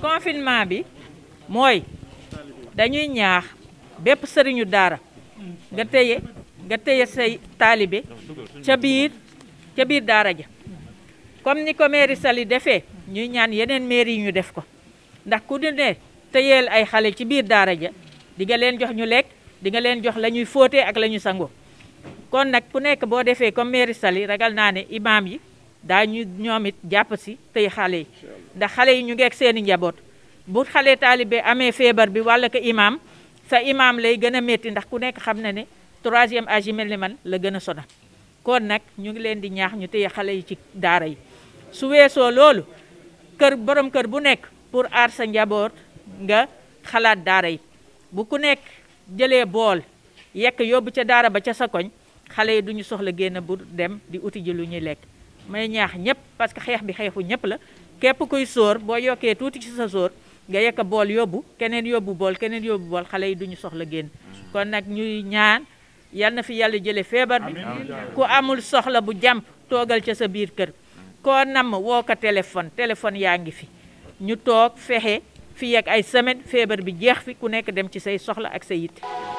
confinement bi mooy dañuy ñaax bépp sëriñu daara nga téye nga téye say taalibe ca biir ca biir daara ja comme ni ko mairie Saly defee ñuy ñaan yeneen mairie yi ñu def ko ndax ku di ne téyeel ay xale ci biir daara ja di leen jox ñu lekk di nga leen jox la ñuy fóotee ak la ñuy sangoo kon nag ku nekk boo defee comme mairie Saly ragal naa ne imaam yi daañu ñoom it jàpp si tey xale yi ndax xale yi ñu ngeeg seeni njaboot bu xale taalibe amee feebar bi walla ko imaam sa imaam lay gën a métti ndax ku nekk xam na ne troisième âge yi mel ni man la gën a sonal kon nag ñu ngi leen di ñaax ñu téye xale yi ci daara yi su weesoo loolu kër borom kër bu nekk pour aar sa njaboot nga xalaat daara yi bu ku nekk jëlee bool yekk yóbbu ca daara ba ca sa koñ xale yi duñu soxla génn bu dem di uti ji lu ñuy lekk may ñaax ñëpp parce que xeex bi xeexu ñëpp la képp kuy soor boo yokkee tuuti ci sa sóor nga yekk bool yóbbu keneen yóbbu bool keneen yóbbu bool xale yi duñu soxla génn mm. kon nag ñuy ñaan yal na fi yàlla jële feebar bi ku amul soxla bu jàmp toogal ca sa biir kër koo namm woo ko téléphone téléphone yaa ngi fi ñu toog fexe fii ak ay semaine feebar bi jeex fi ku nekk dem ci say soxla ak sa yitte